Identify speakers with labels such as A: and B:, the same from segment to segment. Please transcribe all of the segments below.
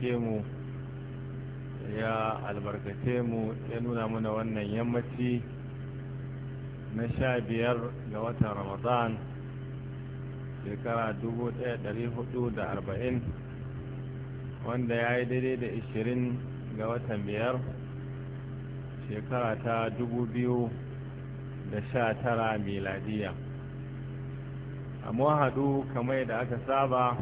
A: taimake mu ya albarkace mu ya nuna mana wannan yammaci na sha biyar ga watan ramadan shekara dubu ɗaya dari hudu da arba'in wanda ya yi daidai da ishirin ga watan biyar shekara ta dubu biyu da sha tara miladiya amma haɗu kamar da aka saba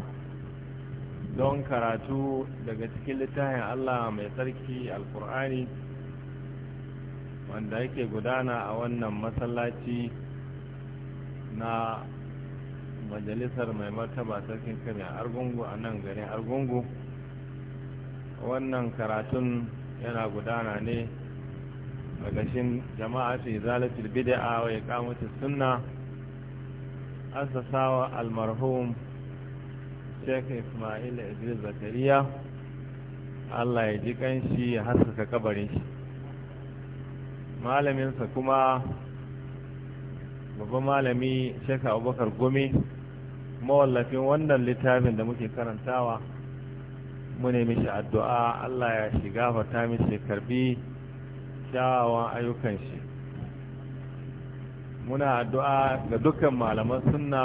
A: don karatu daga cikin littafin Allah mai tsarki alkur'ani wanda yake gudana a wannan masallaci na majalisar mai martaba sarkin kame argungu a nan garin argungu wannan karatun yana gudana ne a gashin jama'atu zalatul bid'a wa iqamatus sunna asasawa almarhum sheikh ismail idris zakariya allah ya ji kanshi ya haskaka kabarin shi malaminsa kuma babban malami sheikh abubakar gome mawallafin wannan littafin da muke karantawa mu mishi addu'a allah ya shiga fata mishi karbi kyawawan ayyukan shi muna addu'a ga dukkan malaman sunna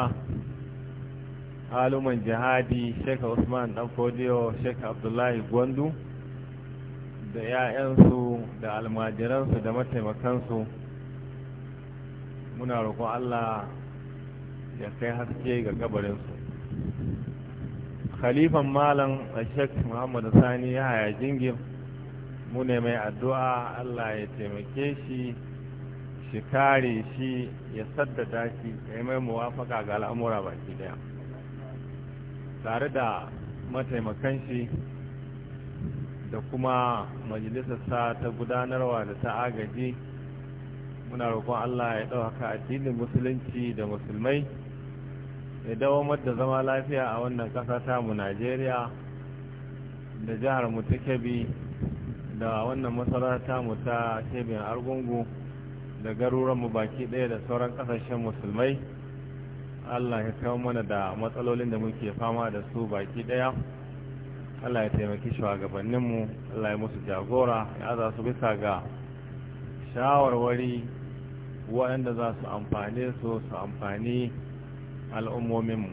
A: aluman jihadi sheik usman ɗanfodiyo sheik abdullahi gwandu da 'ya'yansu da almajiransu da mataimakansu muna roƙon allah ya kai haske ga gabarinsu. khalifan malam sheik muhammad sani ya haya jingin mu mai addu'a allah ya taimake shi shi kare shi ya saddada shi ya mai muwafaka ga al'amura baki daya tare da mataimakan shi da kuma majalisarsa ta gudanarwa da ta agaji muna roƙon Allah ya ɗauka addinin musulunci da musulmai ya dawamar da zama lafiya a wannan ƙasa mu Najeriya da jihar mu ta Kebbi da wannan masarauta mu ta kebin Argungu da garuran baki ɗaya da sauran ƙasashen musulmai Allah ya kawo mana da matsalolin da muke fama da su baki daya Allah ya taimaki shugabanninmu Allah ya musu jagora ya za su bisa ga shawarwari waɗanda za su amfane su su amfani al'ummominmu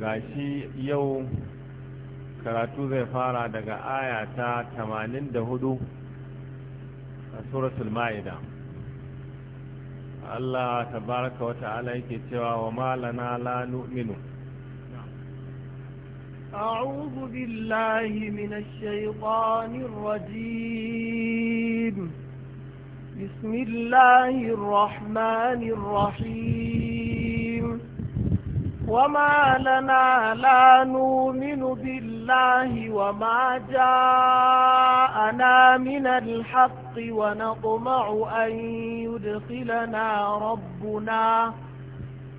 A: ga shi yau karatu zai fara daga aya ta 84 a suratul ma'ida Allah ta baraka wata alaiki cewa wa malana
B: أعوذ بالله من الشيطان الرجيم بسم الله الرحمن الرحيم وما لنا لا نؤمن بالله وما جاءنا من الحق ونطمع أن يدخلنا ربنا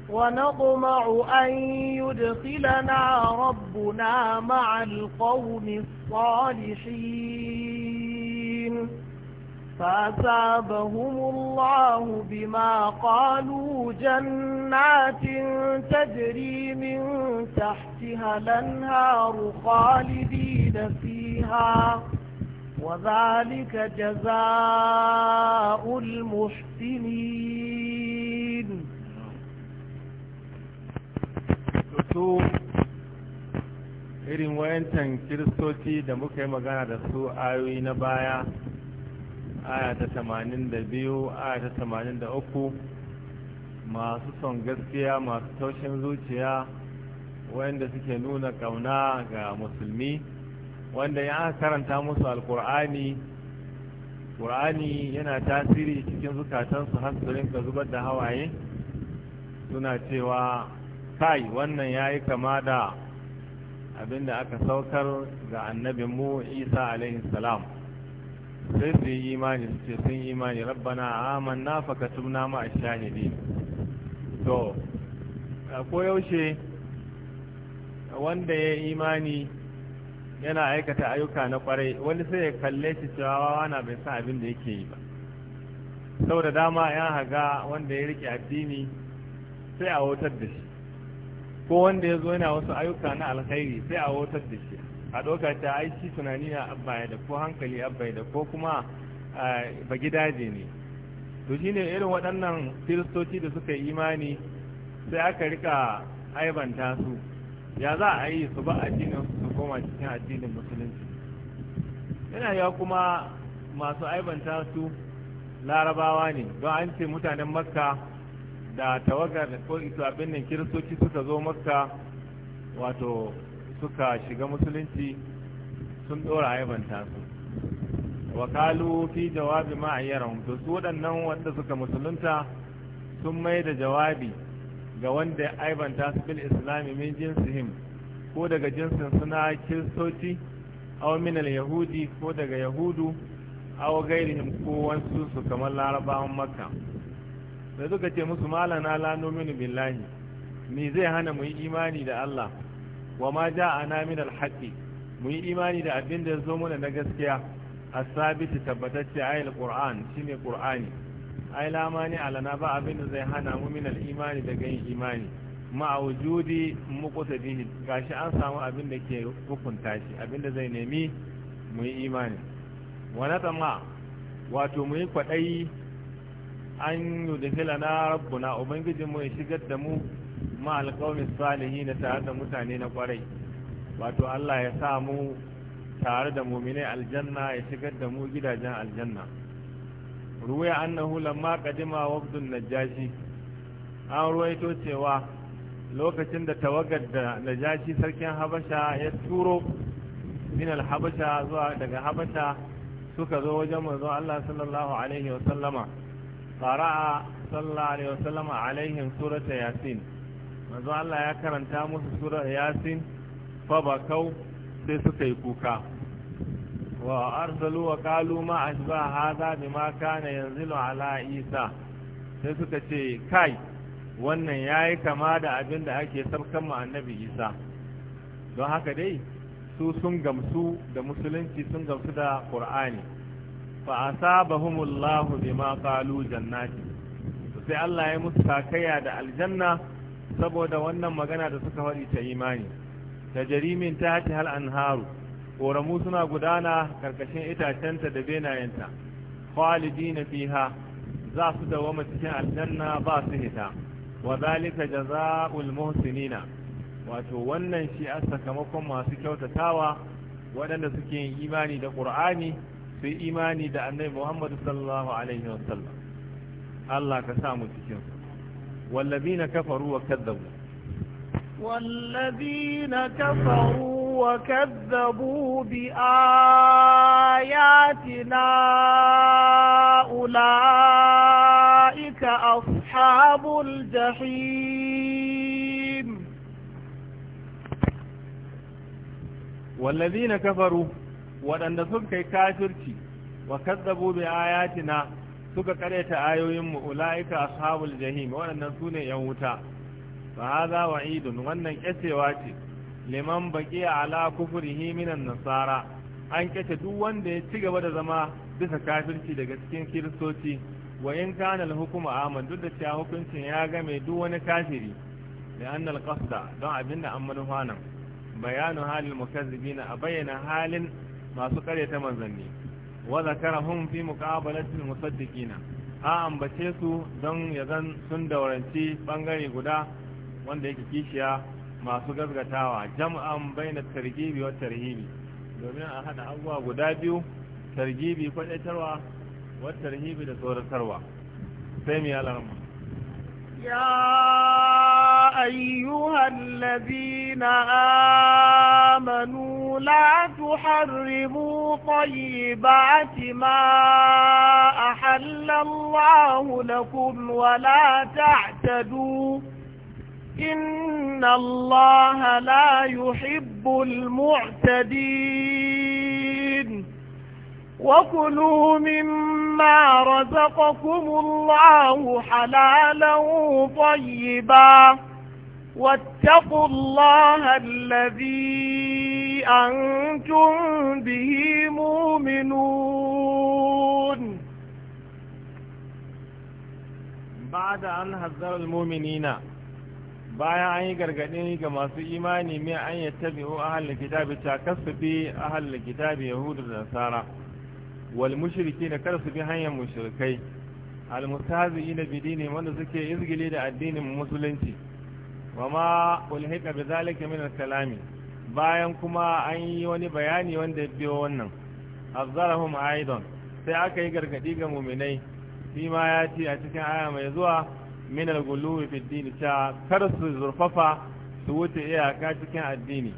B: ونطمع أن يدخلنا ربنا مع القوم الصالحين فأثابهم الله بما قالوا جنات تجري من تحتها الأنهار خالدين فيها وذلك جزاء المحسنين irin
A: wayancan kiristoci da muka yi magana da su ayoyi na baya aya ta tamanin da biyu aya ta tamanin da uku masu son gaskiya masu taushin zuciya wanda suke nuna kauna ga musulmi wanda ya karanta musu alkur'ani ƙur'ani yana tasiri cikin zukatansu har su rinka zubar da hawaye suna cewa kai wannan ya yi kama da abinda aka saukar ga annabinmu isa alaihi salamu sai su yi imani su ce sun yi imani rabbana faka fa katubna ma ashahidi to ko yaushe wanda ya imani yana aikata ayyuka na kwarai wani sai ya kalle shi cewa wana bai sa abin da yake yi ba sau da dama ya haga wanda ya rike addini sai a wutar da shi ko wanda ya zo yana wasu ayyuka na alkhairi sai a wutar da shi a ɗauka ta aiki tunani na abba ya da ko hankali abba ya da ko kuma ba gidaje ne to shine irin waɗannan kiristoci da suka yi imani sai aka rika aibanta su ya za a yi su ba addinin su koma cikin addinin musulunci yana yawa kuma masu aibanta su larabawa ne don an ce mutanen makka da tawagar ko abin nan kiristoci suka zo makka wato suka shiga musulunci sun ɗora aibanta su wakalu fi jawabi ma ayyarahum to su waɗannan wanda suka musulunta sun mai da jawabi ga wanda aibanta su bil islami min jinsihim ko daga jinsin suna kiristoci aw min al yahudi ko daga yahudu aw gairihim ko wasu su kamar larabawan makka da suka ce musu malana la nu'minu billahi me zai hana mu yi imani da Allah wa ma a min al-haqqi mu yi imani da abin da ya zo mana na gaskiya asabiti tabbatacce ayil qur'an shine qur'ani ai lamani alana ba abin da zai hana mu min al-imani da yin imani ma wujudi dini gashi an samu abin da ke hukunta shi abin da zai nemi mu yi imani wa natama wato mu yi kwadayi an yudhilana rabbuna ubangijinmu ya shigar da mu ma alƙaunin salihi na tare da mutane na ƙwarai wato Allah ya sa mu tare da muminai aljanna ya shigar da mu gidajen aljanna ruwaya annahu lamma qadima wabdun najashi an ruwaito cewa lokacin da tawagar da najashi sarkin habasha ya turo min habasha zuwa daga habasha suka zo wajen manzon Allah sallallahu alaihi wa sallama qara'a sallallahu alaihi wa sallama alaihim surata yasin manzo Allah ya karanta musu sura yasin fa ba kau sai suka yi kuka wa arsalu wa kalu ma ashba hadha bima kana yanzilu ala isa sai suka ce kai wannan yayi kama da abin da ake sarkan mu annabi isa don haka dai su sun gamsu da musulunci sun gamsu da qur'ani fa asabahumullahu bima qalu jannati sai Allah ya musu takaya da aljanna saboda wannan magana da suka faɗi ta imani ta jarimin ta hati hal anharu ƙoramu suna gudana karkashin itacenta da benayenta khalidina fiha za su wama cikin aljanna ba su hita wa zalika jaza'ul muhsinina wato wannan shi a sakamakon masu kyautatawa waɗanda suke yin imani da ƙur'ani su imani da annabi Muhammadu sallallahu alaihi wasallam Allah ka sa mu cikin والذين كفروا وكذبوا
B: والذين كفروا وكذبوا بآياتنا أولئك أصحاب الجحيم
A: والذين كفروا وأن سبك كافرتي وكذبوا بآياتنا suka kareta ayoyin mu ulaika ashabul jahim waɗannan sune yan wuta fa hadha wa'idun wannan kesewa ce liman baqiya ala kufrihi minan nasara an kace duk wanda ya ci gaba da zama bisa kafirci daga cikin kiristoci wa in kana al-hukmu aman duk da cewa hukuncin ya game duk wani kafiri da annal qasda don abinda an manufa nan bayanu halin mukazzibina a bayyana halin masu karyata manzanni wa zakarahum fi muqabalatil musaddiqina a ambace su don ya zan sun dauranci ɓangare guda wanda yake kishiya masu gazgatawa jam'an baina targibi wa tarhibi domin a haɗa abubuwa guda biyu targibi kwadaitarwa wa tarhibi da tsoratarwa sai mu alarma
B: ya ayyuhal ladina amanu لا تحرموا طيبات ما أحل الله لكم ولا تعتدوا إن الله لا يحب المعتدين وكلوا مما رزقكم الله حلالا طيبا واتقوا الله الذي أنتم به مؤمنون
A: بعد أن bayan an yi gargaɗi ga masu imani mai an a halin kitabi ta kasu bi a halin kitabi yahudu da nasara wal mushriki da kar su bi hanyar mushrikai al mustahazi na bidini wanda suke izgile da addinin musulunci wa ma ulhiqa bi zalika min al kalami bayan kuma an yi wani bayani wanda ya biyo wannan azzarahum aidon sai aka yi gargadi ga muminai shi ma ya ce a cikin aya mai zuwa min al-guluwi fi cha kar su zurfafa su wuce iyaka cikin addini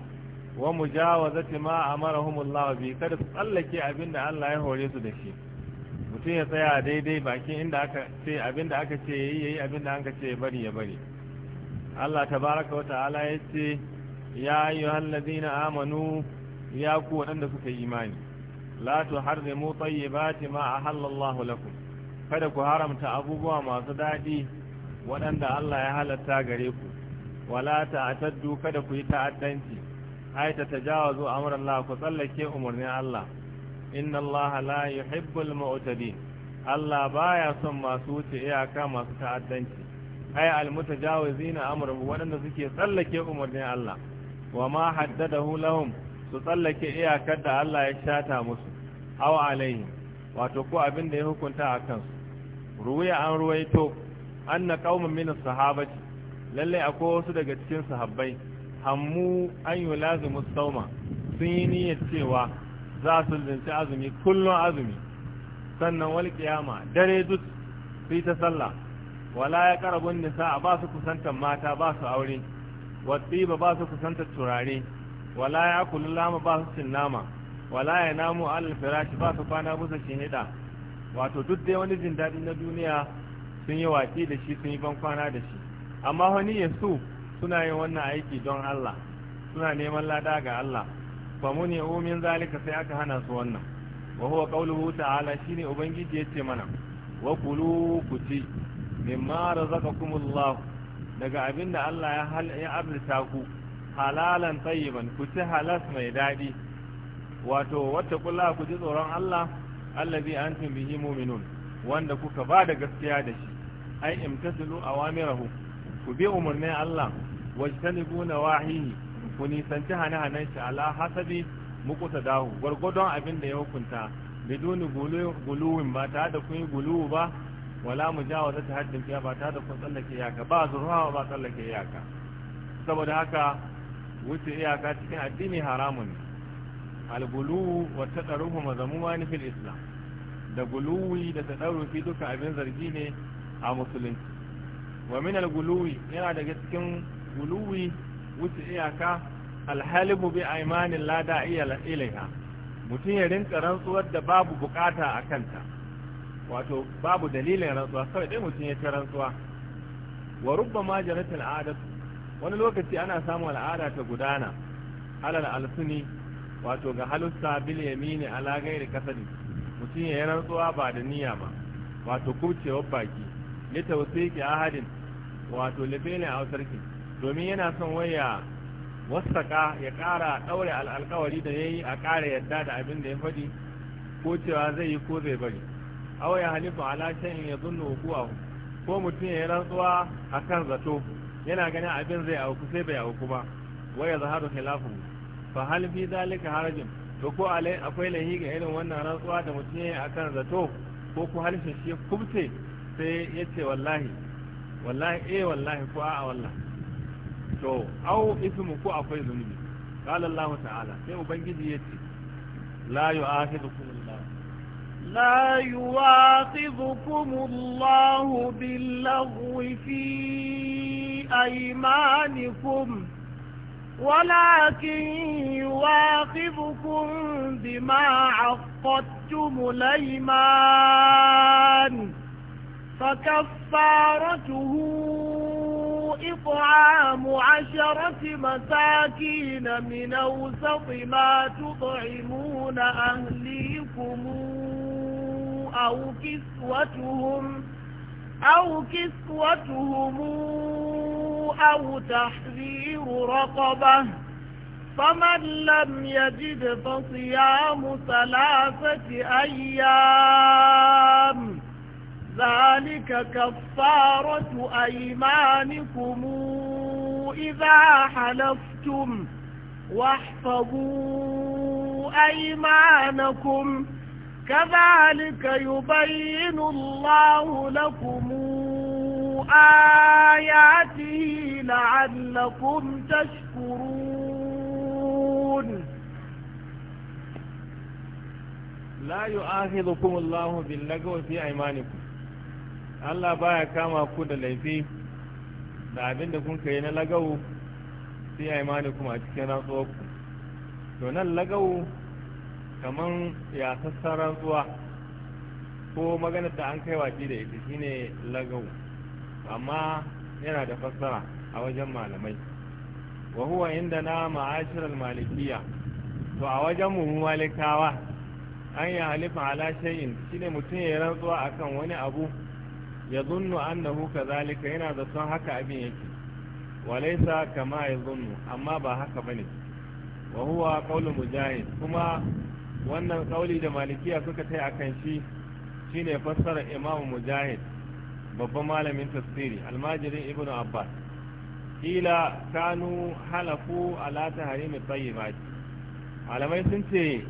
A: wa mujawazati ma amarahum Allah bi kar su tsallake abinda Allah ya hore su da shi mutum ya tsaya daidai bakin inda aka ce abinda aka ce yayi yayi abinda aka ce bari ya bari Allah tabaraka wa ta'ala ya ya ayyuhal ladina amanu ya ku waɗanda suka yi imani la tuharrimu tayyibati ma ahallallahu lakum kada ku haramta abubuwa masu daɗi waɗanda Allah ya halatta gare ku wala ta'taddu kada ku yi ta'addanci ay tatajawazu amran Allah ku tsallake umarnin Allah inna Allah la yuhibbul mu'tadin Allah baya son masu wuce iyaka masu ta'addanci ay al mutajawizina amruhu waɗanda suke tsallake umarnin Allah wa ma haddadahu lahum su tsallake iyakar da Allah ya shata musu aw alaihi wato ko abin da ya hukunta a kansu ruwiya an ruwaito anna qauman min sahabati lalle akwai wasu daga cikin sahabbai hammu an yulazimu sauma sun yi niyyar cewa za su zinci azumi kullum azumi sannan wal kiyama dare duk fi ta sallah wala ya karabun nisa ba su kusantar mata ba su aure wattiba ba su kusanta turare wala ya kullu lama ba su cin nama wala ya namu alal firashi ba su kwana shi shinida wato duk dai wani jin daɗi na duniya sun yi watsi da shi sun yi ban kwana da shi amma wani ya su suna yin wannan aiki don Allah suna neman lada ga Allah mu ne umin zalika sai aka hana su wannan wa huwa qawluhu ta'ala shine ubangiji ce mana wa kulu kuti mimma razaqakumullahu daga abin da Allah ya arzuta ku halalan tayyiban ku ci halas mai daɗi wato wata kula ku ji tsoron Allah allazi antum bihi mu'minun wanda kuka ba da gaskiya da shi ai imtasilu awamirahu ku bi umarnin Allah ta wajtanibu nawahihi ku nisanci hane-hanen shi ala hasabi mukuta dahu gwargwadon abin da ya hukunta biduni guluwin ba tare da kun yi guluwu ba wala mujawaza ta haddin fiya ba ta da kun tsallake iyaka ba zurfawa ba tsallake iyaka saboda haka wuce iyaka cikin addini haramun algulu wa tadaruhu mazamuma ni fil islam da guluwi da fi duka abin zargi ne a musulunci wa min alguluwi yana daga cikin guluwi wuce iyaka alhalibu bi aimanin la da'iya la'ilaiha. mutum ya rinka rantsuwar da babu bukata a kanta wato babu dalilin rantsuwa kawai dai mutum ya ci rantsuwa wa rubba ma jarat al'ada wani lokaci ana samun al'ada ta gudana alal alsuni wato ga halussa bil yamini ala gairi kasadi mutum ya rantsuwa ba da niyya ba wato kubcewar baki ne tawsiqi ahadin wato li aw sarki domin yana son waya wasaka ya kara daure al'alkawari da yayi a kara yadda da abin da ya faɗi ko cewa zai yi ko zai bari aw ya halifu ala shay'in yadhunnu wuqu'ahu ko mutum ya rantsuwa akan zato yana ganin abin zai auku sai bai auku ba wa ya zaharu khilafu fa hal fi zalika harajin to ko alai akwai lahi ga irin wannan rantsuwa da mutum ya akan zato ko ko harshen shi kubce sai ya ce wallahi wallahi eh wallahi ko a'a wallahi to au ismu ko akwai zunubi qala Allah ta'ala sai ubangiji yace la yu'akhidukum
B: لا يواخذكم الله باللغو في أيمانكم ولكن يواخذكم بما عقدتم الأيمان فكفارته إطعام عشرة مساكين من أوسط ما تطعمون أهليكم أو كسوتهم أو كسوتهم أو تحذير رقبة فمن لم يجد فصيام ثلاثة أيام ذلك كفارة أيمانكم إذا حلفتم واحفظوا أيمانكم كذلك يبين الله لكم آياته لعلكم تشكرون
A: لا يؤاخذكم الله باللغو في أيمانكم Allah baya kama ku da laifi da abin da kun kai na lagawu sai imani a cikin rantsuwarku to nan lagawu kamar ya sassaran zuwa ko maganar da an kai waje da ita shine lagau amma yana da fassara a wajen malamai wa huwa inda na ma'ashirar malikiya to a wajen mu malikawa an yi halifa ala shayin shine mutum ya rantsuwa akan wani abu ya zunnu annahu kazalika yana da son haka abin yake walaisa kama ya zunnu amma ba haka bane wa huwa qaulu mujahid kuma wannan kauli da malikiya suka a kan shi shine fassara imamu mujahid babban malamin tafsiri almajirin Ibn abbas kila kanu halafu ala tahrimi tayyibat malamai sun ce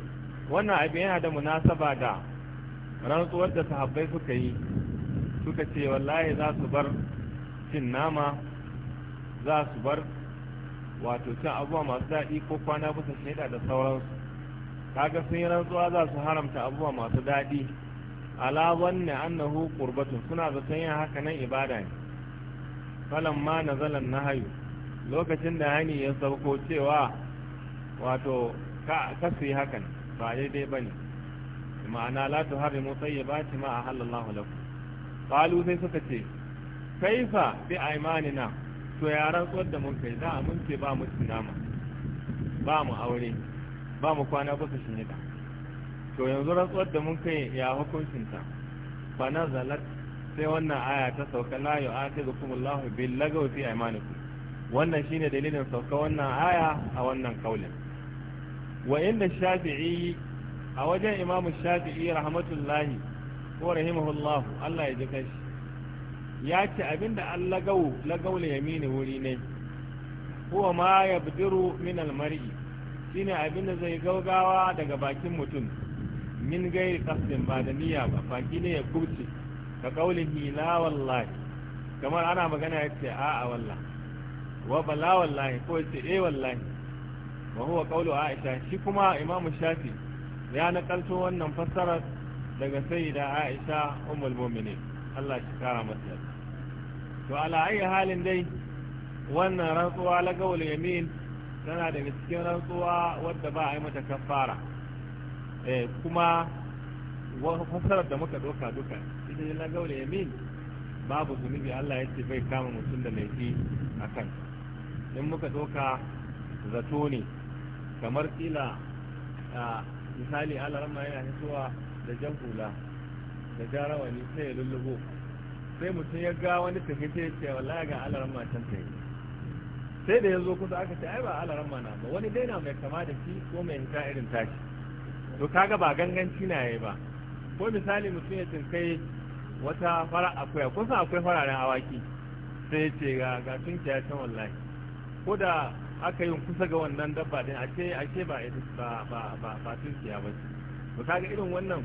A: wannan abin yana da munasaba da rantsuwar da sahabbai suka yi suka ce wallahi za su bar cin nama za su bar wato cin abubuwa masu daɗi ko kwana bisa shaida da sauransu kaga sun yi rantsuwa za su haramta abubuwa masu daɗi ala wanne annahu qurbatun suna zaton yin haka nan ibada ne falamma nazalan nahayu lokacin da hani ya sauko cewa wato ka su yi hakan ba daidai ba ne ma'ana la tu harimu tayyibati ma ahallallahu lakum qalu sai suka ce kaifa bi aymanina to ya rantsuwar da mun kai da mun ce ba mu nama ba mu aure ba mu kwana ba su shimida to yanzu rantsuwar da mun kai ya hukuncinta ba na zalat sai wannan aya ta sauka la yu'akhidhukum Allahu bil lagawi fi aymanikum wannan shine dalilin sauka wannan aya a wannan kaulin wa inda shafi'i a wajen imam shafi'i rahmatullahi ko rahimahullah Allah ya ji kashi ya ce abinda an lagawu lagawul yamini wuri ne huwa ma yabdiru min al mar'i shine abin da zai gaugawa daga bakin mutum min gairi qasdin ba da niyya ba baki ne ya kurce ka qaulihi la wallahi kamar ana magana yace a a wallahi wa bala wallahi ko yace eh wallahi wa huwa kaulu aisha shi kuma imam shafi ya nakalto wannan fassarar daga sayyida aisha ummul mu'minin Allah shi kara masa to ala ayi halin dai wannan rantsuwa la gaul yamin tana da cikin rantsuwa wadda ba a yi mata kafara eh, kuma fasarar da muka ɗauka duka ita yi na ya yamin babu zunubi Allah ya ce bai kama mutum da laifi a kan in muka ɗauka zato ne kamar kila misali Allah rama yana hitowa da jan hula da jarawani sai ya lullubo sai mutum ya ga wani tafi sai ce wallahi ga Allah rama can ta yi sai da ya zo kusa aka ce ai ba ramma na ba wani dai na mai kama da shi ko mai hita irin tashi to kaga ba ganganci na yayi ba ko misali mutum ya tunkai wata fara akuya kusa akwai fararen awaki sai ya ce ga ga tunki ya can wallahi ko da aka yi kusa ga wannan dabba din a ce ba ba ba ba ba tunki ya ba to kaga irin wannan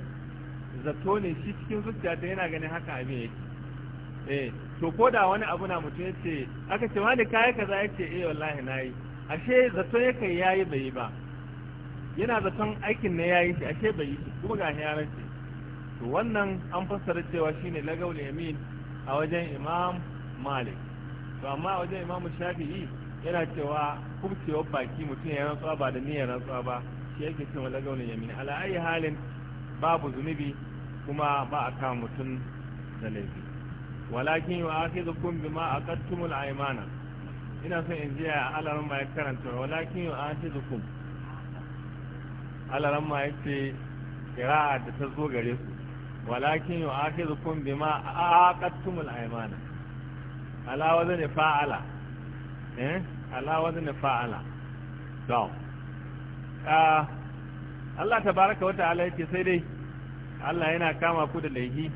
A: zato ne shi cikin zuciya ta yana ganin haka abin yake eh to ko da wani abu na mutum yace aka ce wani kayi kaza yace eh wallahi nayi ashe zato yake yayi bai ba yana zaton aikin ne yayi shi ashe bai yi kuma ga yaran shi to wannan an fassara cewa shine lagawul yamin a wajen imam malik to amma a wajen imam shafi'i yana cewa kubcewar baki mutum ya rantsuwa ba da niyyar rantsuwa ba shi yake cewa lagawul yamin ala ayi halin babu zunubi kuma ba a kama mutum da laifi walakin wa akhidhukum bima aqadtumul aymana ina son in ji a alaran ma ya karanta walakin wa zukun. alaran ma ce qira'a da ta zo gare su walakin wa akhidhukum bima aqadtumul aymana ala ne fa'ala eh ala ne fa'ala to ah, Allah tabaraka wa ta'ala yake sai dai Allah yana kama ku da laifi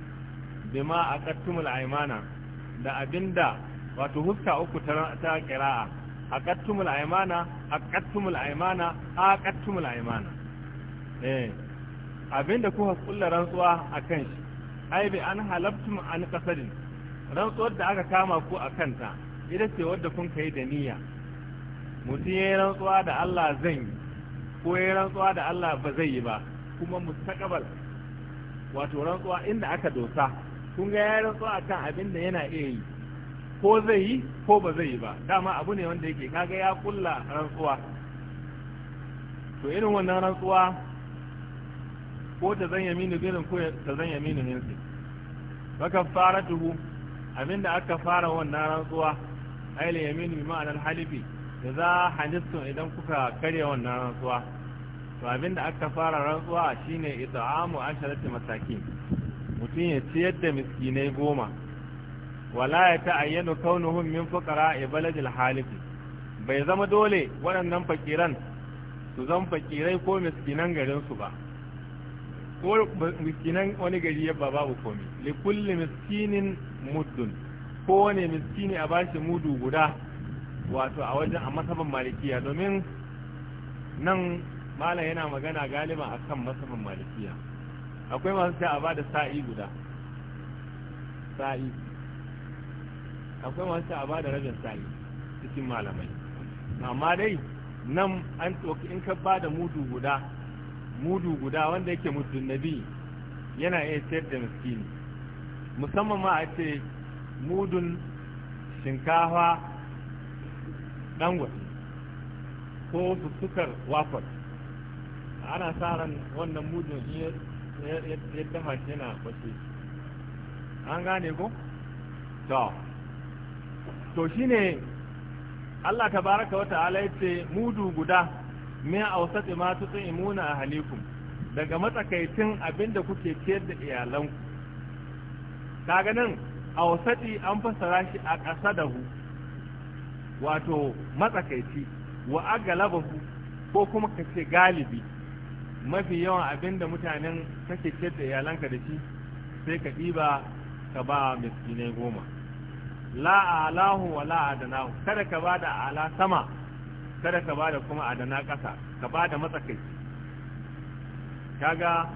A: bima a kattumul aimana da abinda wato huska uku ta kira'a a kattumul aimana a kattumul aimana a kattumul aimana eh abinda kuka kulla rantsuwa a kan shi ai bi an halabtum an qasadin rantsuwar da aka kama ku a kanta ita ce wadda kun kai da niyya mutum ya yi rantsuwa da Allah zan yi ko ya yi rantsuwa da Allah ba zai yi ba kuma mustaqbal wato rantsuwa inda aka dosa kun ga ya a akan abin da yana iya yi ko zai yi ko ba zai yi ba dama abu ne wanda yake kaga ya kulla rantsuwa to irin wannan rantsuwa ko ta zan yaminu birin ko ta zan yaminu minsi baka fara tuhu abin da aka fara wannan rantsuwa aile yaminu bi ma'anar halifi da za hadisun idan kuka karya wannan rantsuwa to abin da aka fara rantsuwa shine ita'amu asharati masakin mutum ya ciyar da miskinai goma wala ya ta'ayyanu kaunuhum min fuqara baladil halifi bai zama dole waɗannan fakiran su zan fakirai ko miskinan garin su ba ko miskinan wani gari ba babu komi li kulli miskinin muddun ko wani miskini a bashi mudu guda wato a wajen a masaban malikiya domin nan malam yana magana galiba akan masaban malikiya akwai masu ta a bada sa'i guda sa'i akwai masu ta a bada rabin sa'i cikin malamai amma dai nan an tsoki in ka bada mudu guda mudu guda wanda yake muddun nabi yana iya sayar da miskini musamman ma a ce mudun shinkafa dangote ko su sukar wafat ana sa ran wannan mudun iya yadda dafa na ɓace an gane ko to to ne Allah tabaraka baraka wata yace mudu guda min awsati ma a halikun daga matsakaitin abinda kuke ciyar da iyalanku kaga nan awsati an fassara shi a ƙasa da hu, wato matsakaici wa agalabahu ko kuma ka ce galibi mafi yawan abin da mutanen kake ce da iyalanka da shi sai ka ɗiba ka ba miskinai goma la alahu wa la adanahu kada ka ba da ala sama kada ka ba da kuma adana ƙasa ka ba da matsakai kaga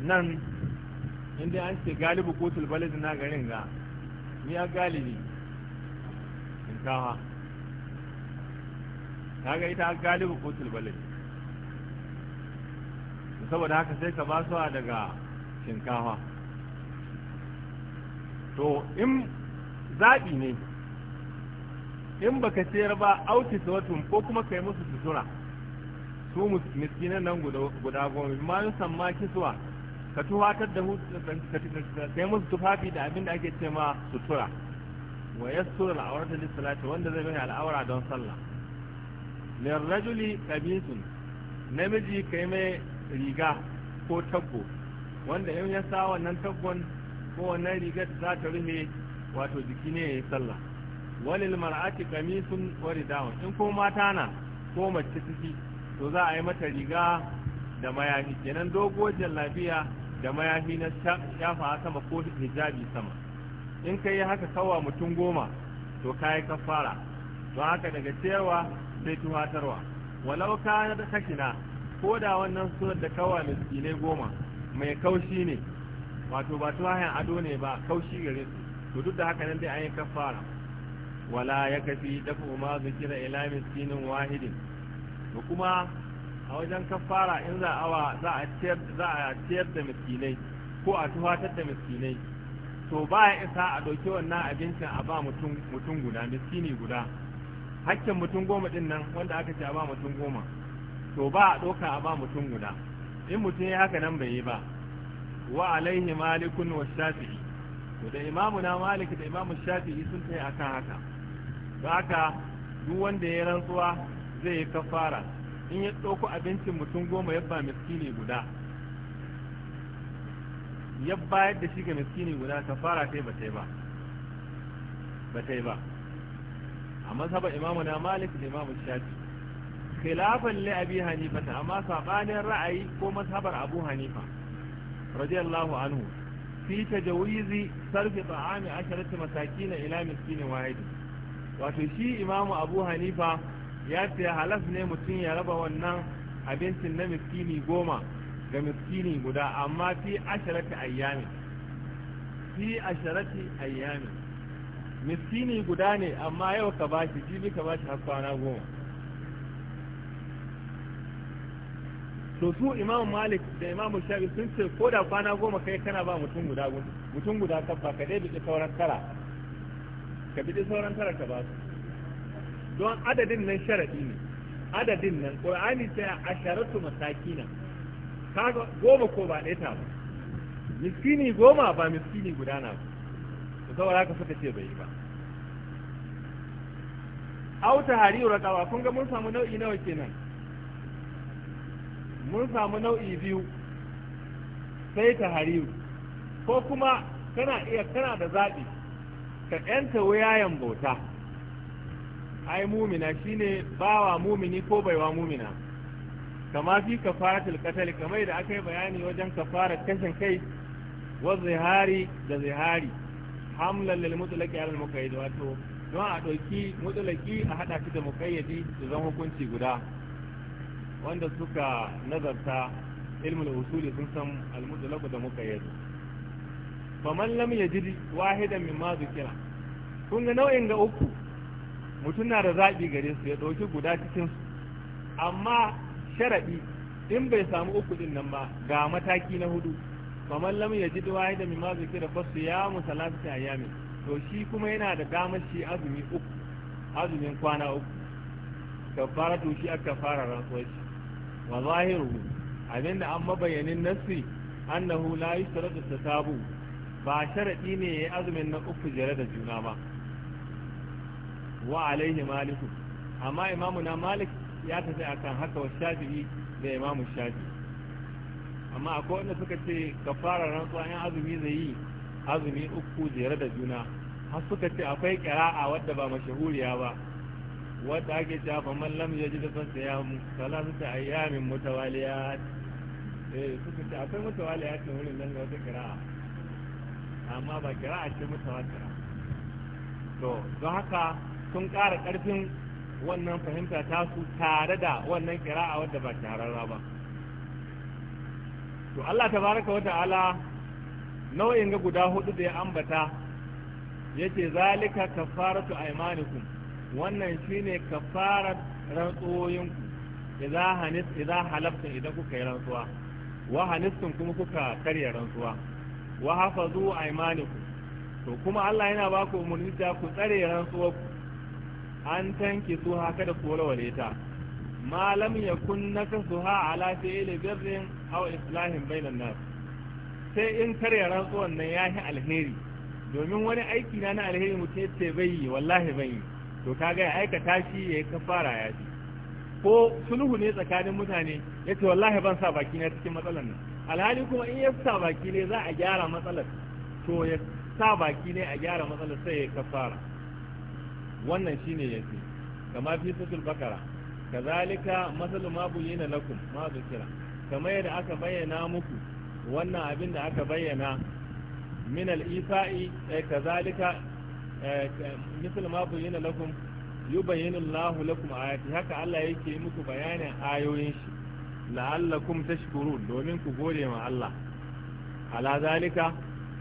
A: nan inda an ce galibu kotul balad garin ga ni a galibi kawo kaga ita galibu kotul balad saboda haka sai ka ba su daga shinkafa to in zaɓi ne in baka sayar ba auki sawatun ko kuma kai musu sutura su miskinan nan guda goma ma yi samma kisuwa ka tuhatar da kai musu tufafi da abin da ake ce ma sutura wa yassura al'aurata lissalati wanda zai bai al'aura don sallah lirrajuli qamisun namiji kai mai riga ko taggo wanda in ya sa wannan taggon ko wannan rigar za ta rufe wato jiki ne ya yi sallah walil mar'ati qamisun wani dawon in ko mata na ko mace ciki to za a yi mata riga da mayafi kenan doguwar lafiya da mayafi na shafa sama ko hijabi sama in ka yi haka kawa mutum goma to ka yi kafara don haka daga cewa sai tuwatarwa walau ka da kashina ko da wannan surar da kawa miskinai goma mai kaushi ne wato ba tuwayen ado ne ba kaushi gare su to duk da haka nan dai ayin kafara wala ya kafi dafa ma zikira ila miskinin wahidin to kuma a wajen kafara in za a za a ciyar za a ciyar da miskinai ko a tuhatar da miskinai to ba ya isa a ɗauki wannan abincin a ba mutum mutum guda miskini guda hakkin mutum goma din nan wanda aka ce a ba mutum goma to ba a ɗauka a ba mutum guda in mutum ya haka nan bai yi ba wa alaihi malikun wa shafi'i to da imamu na malik da imamu shafi'i sun tsaye akan haka ba haka duk wanda ya rantsuwa zai yi kafara in ya ɗauko abincin mutum goma ya ba miskini guda ya bayar da shi ga miskini guda kafara kai ba ta yi ba ba ta yi ba a mazhabar imamu na malik da imamu shafi khilafan li abi hanifa amma sabanin ra'ayi ko mazhabar abu hanifa radiyallahu anhu fi jawizi sarfi ta'ami asharati masakin ila miskin wahid wato shi imamu abu hanifa ya ce halaf ne mutum ya raba wannan abincin na miskini goma ga miskini guda amma fi asharati ayyami fi asharati ayyami miskini guda ne amma yau ka ba shi jibi ka ba shi har kwana goma to su imam malik da imam shafi sun ce ko da kwana goma kai kana ba mutum guda mutum guda kafa ka dai bi sauran tara ka bi sauran tara ka ba su don adadin nan sharaɗi ne adadin nan qur'ani a sharatu masakina kaga goma ko ba ɗaya ta ba miskini goma ba miskini guda na ba to saboda haka suka ce bai yi ba au tahariru raqaba kun ga mun samu nau'i nawa kenan mun samu nau'i biyu sai tahariru ko kuma kana iya kana da zaɓi ka wuya wayayen bauta ai mumina shine bawa mumini ko baiwa mumina kama fi kafaratul qatl kamar da aka yi bayani wajen kafarar kashin kai wa zihari da zihari hamlan lil mutlaqi al muqayyad wato don a ɗauki mutlaqi a hada shi da muqayyadi su zama hukunci guda wanda suka nazarta ilmul usuli sun san al mutlaqi da muqayyad man lam yajid wahidan mimma zikira kun ga nau'in ga uku mutum na da zaɓi gare su ya ɗauki guda cikin su amma sharaɗi in bai samu uku din nan ba ga mataki na hudu faman lam yajid wahidan mimma zikira fa siyamu salatati ayamin to shi kuma yana da damar shi azumi uku azumin kwana uku to shi aka fara rantsuwa shi wa zahiru abinda an mabayanin nassi annahu la yustaradu tasabu ba sharadi ne yayi azumin na uku jere da juna ba wa alaihi maliku amma imamu na malik ya tafi akan haka wa shafi'i da imamu shafi'i amma akwai wanda suka ce ka fara rantsuwa yan azumi zai yi azumi uku jere da juna har suka ce akwai kira'a wadda ba mashahuriya ba wadda ake cewa fa man lam yaji da san ya mu salatu ta ayyamin mutawaliyat eh suka ce akwai mutawaliyat ne wurin nan ga wata kira'a amma ba kira'a ce mutawatir to don haka sun kara ƙarfin wannan fahimta tasu tare da wannan kira'a wadda ba tararra ba to Allah wata ala nau'in ga guda hudu da ya ambata yace zalika kafaratu aymanikum wannan shine kafarar rantsoyinku idza hanis idza halafta idan kuka yi rantsuwa wa hanistum kuma kuka karya rantsuwa wa hafazu aymanikum to kuma Allah yana ba ku umarni ku tsare rantsuwa an tanke su haka da ku waleta ma lam yakun nakasuha ala fi'li birrin aw islahin bainan nas sai in karya rantsuwan nan yahi alheri domin wani aiki na na alheri mutum ce bai yi wallahi bai yi to kaga ya aikata shi ya yi kafara ya shi ko sulhu ne tsakanin mutane ya ce wallahi ban sa baki na cikin matsalar nan alhali kuma in ya sa baki ne za a gyara matsalar to ya sa baki ne a gyara matsalar sai ya kafara wannan shine yace kama fi sutul bakara kazalika masalu ma buyyana lakum ma zukira kamar yadda aka bayyana muku wannan abin da aka bayyana min al-isa'i eh, kazalika eh, misal ma buyyana lakum yubayyinu Allahu lakum ayati haka Allah yake muku bayanin ayoyin shi la'allakum tashkuru domin ku gode ma Allah ala zalika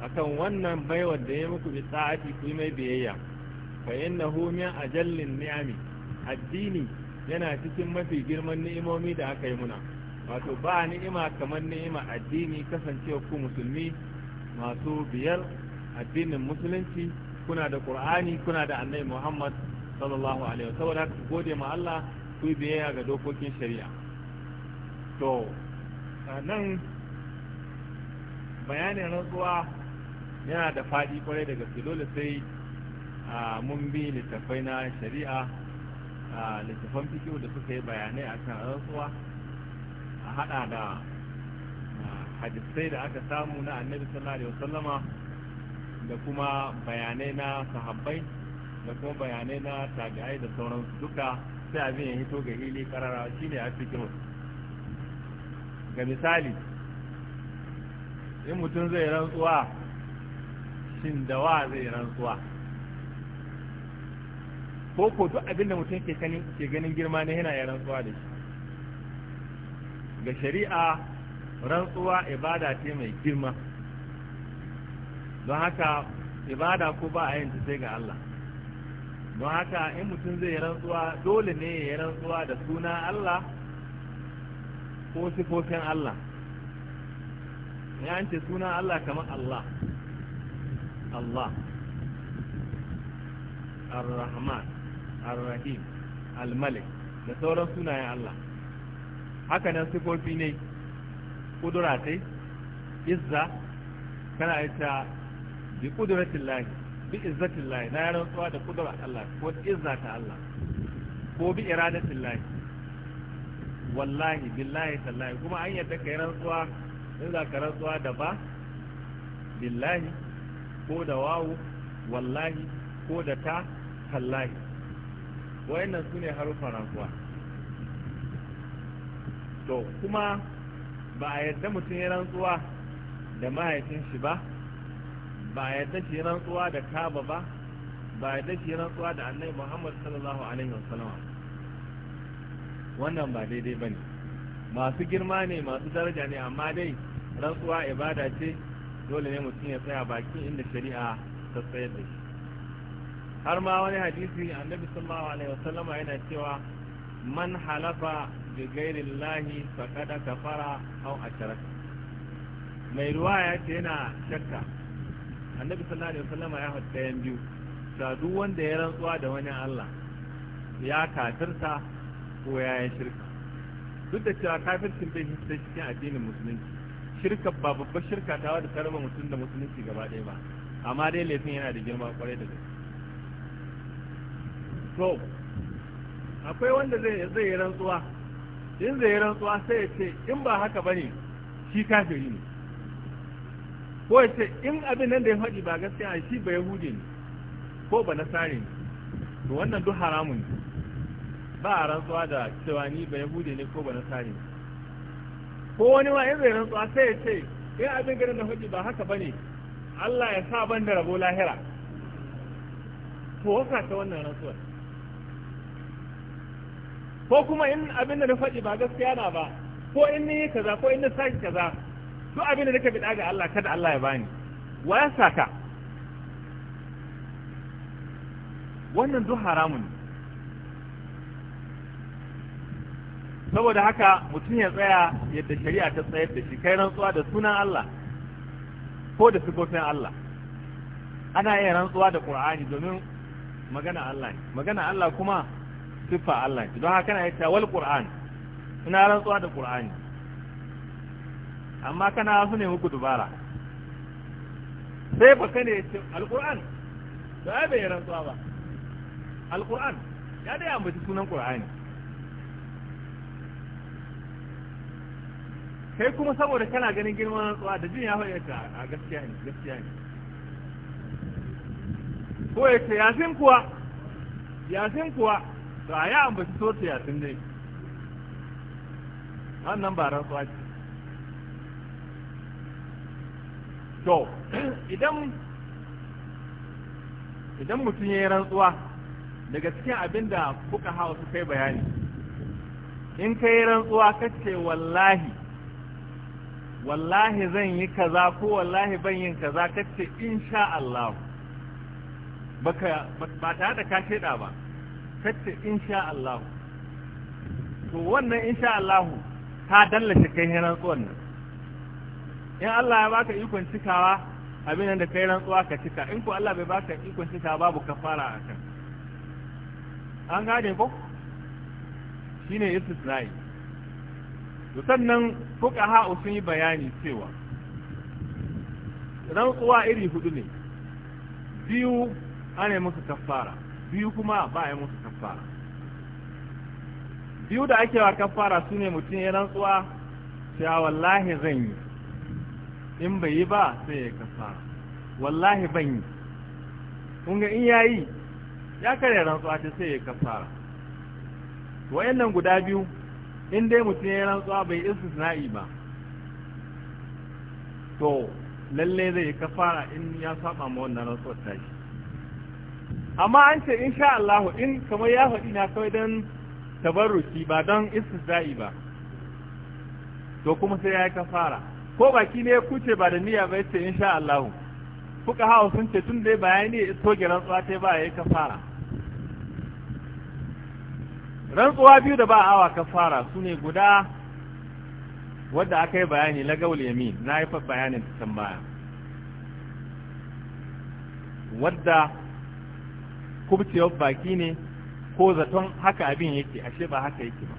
A: akan wannan baiwar da ya muku bi sa'ati ku mai biyayya fa innahu min ajallin ni'ami addini yana cikin mafi girman ni'imomi da aka yi muna wato ba ni'ima kamar ni'ima addini kasancewa ku musulmi masu biyar addinin musulunci kuna da qur'ani kuna da annabi muhammad sallallahu alaihi wa haka ku gode ma Allah ku biyayya ga dokokin shari'a to nan bayanin rantsuwa yana da faɗi kwarai daga filo sai mun bi littafai na shari'a a littafan fikiyo da suka yi bayanai a kan rantsuwa a hada da hadisai da aka samu na annabi sallallahu alaihi wasallama da kuma bayanai na sahabbai da kuma bayanai na tabi'ai da sauransu duka sai abin ya hito ga hili karara shine a fikiyo ga misali in mutum zai rantsuwa shin dawa zai rantsuwa ko ko duk abin da mutum ke ganin ke ganin girma ne yana yaran rantsuwa da shi ga shari'a rantsuwa ibada ce mai girma don haka ibada ko ba a yin ta sai ga Allah don haka in mutum zai rantsuwa dole ne ya rantsuwa da suna Allah ko sifofin Allah ya ce suna Allah kamar Allah Allah الرحمن ar-rahim al-malik da sauran sunayen Allah hakanan nan sifofi ne kudura izza kana ita bi kudratin lahi bi izzatin lahi na rantsuwa da kudura Allah ko izza ta Allah ko bi iradatin lahi wallahi billahi tallahi kuma an yadda kai rantsuwa in za ka rantsuwa da ba billahi ko da wawu wallahi ko da ta tallahi wayannan su ne harufan rantsuwa to kuma ba a yadda mutum ya rantsuwa da mahaifin shi ba ba a yadda shi rantsuwa da kaba ba ba a yadda shi rantsuwa da annai muhammad sallallahu alaihi wasallama wannan ba daidai ba ne masu girma ne masu daraja ne amma dai rantsuwa ibada ce dole ne mutum ya tsaya bakin inda shari'a ta tsayar da shi har ma wani hadisi annabi sallallahu alaihi wasallam yana cewa man halafa bi ghairi llahi faqad kafara aw ashraka mai ruwaya ce yana shakka annabi sallallahu alaihi wasallam ya hadda yan biyu da duk wanda ya rantsuwa da wani Allah ya kafirta ko ya yi shirka duk da cewa kafircin bai hita cikin addinin musulunci shirka ba babbar shirka ta wadda karba mutum da musulunci gaba ɗaya ba amma dai laifin yana da girma kwarai da gaske to akwai wanda zai zai yi rantsuwa in zai yi rantsuwa sai ya ce in ba haka bane shi kafiri ne ko ya ce in abin nan da ya faɗi ba gaskiya shi ba yahudi ne ko ba nasari ne to wannan duk haramun ne ba a rantsuwa da cewa ni ba yahudi ne ko ba nasari ne ko wani ma in zai rantsuwa sai ya ce in abin ganin da faɗi ba haka bane Allah ya sa ban da rabo lahira to wasa ta wannan rantsuwar ko kuma in abin da na faɗi ba gaskiya na ba ko in ni kaza ko in na saki kaza duk abin da nake bi ga Allah kada Allah ya bani wa ya saka wannan duk haramun saboda haka mutum ya tsaya yadda shari'a ta tsayar da shi kai rantsuwa da sunan Allah ko da sifofin Allah ana iya rantsuwa da Qur'ani domin magana Allah ne magana Allah kuma siffa Allah ce don haka na yace wal qur'an ina rantsuwa da qur'ani amma kana su ne muku dubara sai baka ne yace al qur'an da ai bai rantsuwa ba al qur'an ya dai ambaci sunan qur'ani kai kuma saboda kana ganin girman rantsuwa da jin ya faɗa a gaskiya ne gaskiya ne ko ya ce yasin kuwa yasin kuwa to a yi ambaci sotu yasin dai wannan ba rantsuwa ce to idan idan mutum ya yi rantsuwa daga cikin abin da kuka hawa su kai bayani in ka yi rantsuwa ka ce wallahi wallahi zan yi kaza ko wallahi ban yin kaza ka ce insha Allah ba tare da ka shaida ba kace insha Allah to wannan insha Allah ta dallace kai ne rantsuwan nan in Allah ya baka ikon cikawa abin da kai rantsuwa ka cika in ko Allah bai baka ikon cikawa babu kafara a kan an gane ko shine istisnai to sannan fuqaha sun yi bayani cewa rantsuwa iri hudu ne biyu ana musu kafara biyu kuma ba ya musu kafara biyu da ake wa kafara su ne mutum ya rantsuwa cewa wallahi zan yi in bai yi ba sai ya kafara wallahi ban yi kunga in ya yi ya karya rantsuwa ce sai ya kafara wa'annan guda biyu in dai mutum ya rantsuwa bai istisna'i ba to lalle zai kafara in ya saba ma wannan rantsuwar tashi amma an ce sha Allah in kamar ya faɗi na kawai don tabarruki ba don istisda'i ba to kuma sai ya yi kafara ko baki ne ya kuce ba da niyya ba in sha Allah fuka hawa sun ce tun dai bayani toge rantsuwa ta ba ya yi kafara rantsuwa biyu da ba awa kafara su ne guda wadda aka yi bayani na gaul yamin na yi bayanin can baya wadda kubcewar baki ne ko zaton haka abin yake ashe ba haka yake ba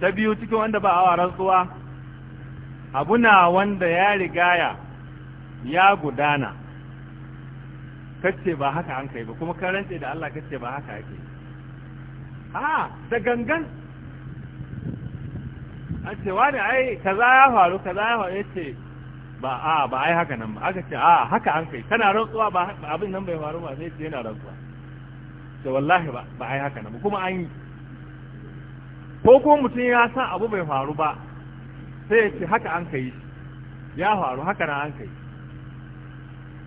A: ta biyu cikin wanda ba awa rantsuwa abu na wanda ya rigaya ya gudana kace ba haka an kai ba kuma kan rantse da Allah kace ba haka yake a da gangan A ce wani ai kaza ya faru kaza ya faru yace ba a ba ai haka nan ba aka ce a haka an kai kana rantsuwa ba abin nan bai faru ba sai ce yana rantsuwa to wallahi ba ba ai haka nan ba kuma an yi ko ko mutum ya san abu bai faru ba sai ya ce haka an kai ya faru haka nan an kai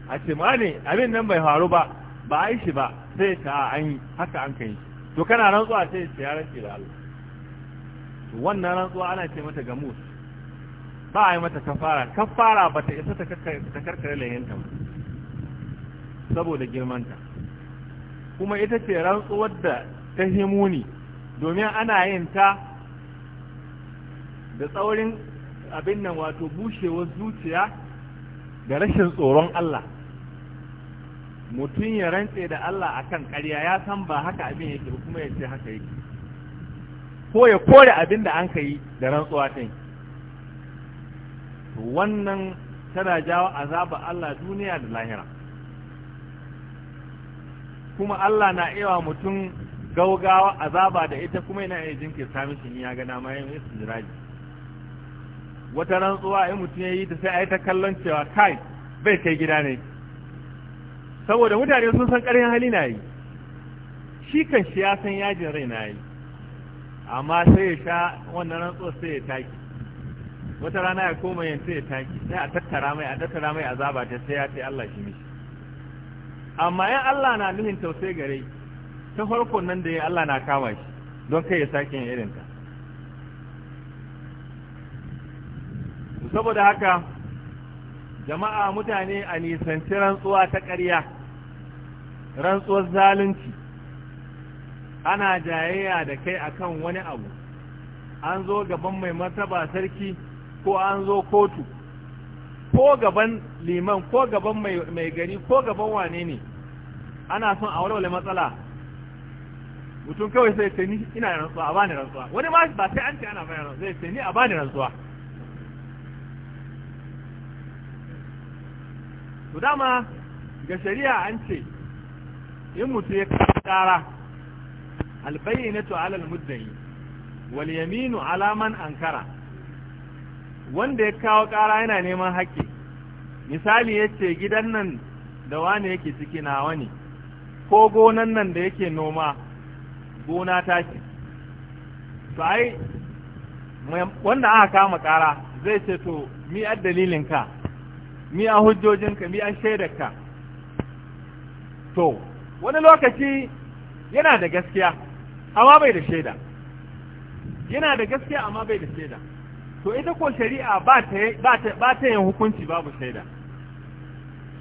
A: a ce ma ne abin nan bai faru ba ba ai shi ba sai ya ce a an yi haka an kai to kana rantsuwa sai ya ce ya rantsi da Allah wannan rantsuwa ana ce mata gamus ba a yi mata kafara kafara ba ta isa ta karkare layinta ba saboda girmanta kuma ita ce rantsuwar da ta himuni domin ana yin ta da tsaurin abin nan wato bushewar zuciya da rashin tsoron Allah mutum ya rantse da Allah akan ƙarya ya san ba haka abin yake kuma ya ce haka yake ko ya kore abin da an ka yi da rantsuwa ta yi to wannan tana jawo azaba Allah duniya da lahira kuma Allah na iya mutum gaugawa azaba da ita kuma yana iya jinkirta mishi in ya ga dama yin jiraji wata rantsuwa in mutum yayi ta sai ai ta kallon cewa kai bai kai gida ne saboda mutane sun san ƙarfin hali na yi shi kan shi ya san yajin rai na yi amma sai ya sha wannan rantsuwa sai ya taki wata rana ya koma yin sai ya taki sai a tattara mai a tattara mai azaba ta sai ya ce Allah shi mishi amma yan Allah na nuhin tausayi gare ta farko nan da ya Allah na kama shi don kai ya sake yin irin ta saboda haka jama'a mutane a nisanci rantsuwa ta ƙarya rantsuwar zalunci ana jayayya da kai akan wani abu an zo gaban mai martaba sarki ko an zo kotu ko gaban liman ko gaban mai gari ko gaban wane ne ana son a walwale matsala mutum kawai sai ce ni ina rantsuwa a bani rantsuwa wani ma ba sai an ce ana bayan rantsuwa zai ce ni a bani rantsuwa to dama ga shari'a an ce in mutu ya kara tsara to alal muddai wal yaminu alaman ankara wanda ya kawo ƙara yana neman haƙƙi misali ya ce gidan nan da wani yake ciki na wani ko gonan nan da yake noma gona ta ce to ai wanda aka kama ƙara zai ce to mi a dalilinka mi a hujjojinka mi a shaidarka to wani lokaci yana da gaskiya amma bai da shaida yana da gaskiya amma bai da shaida to ita ko shari'a ba ta yin hukunci babu shaida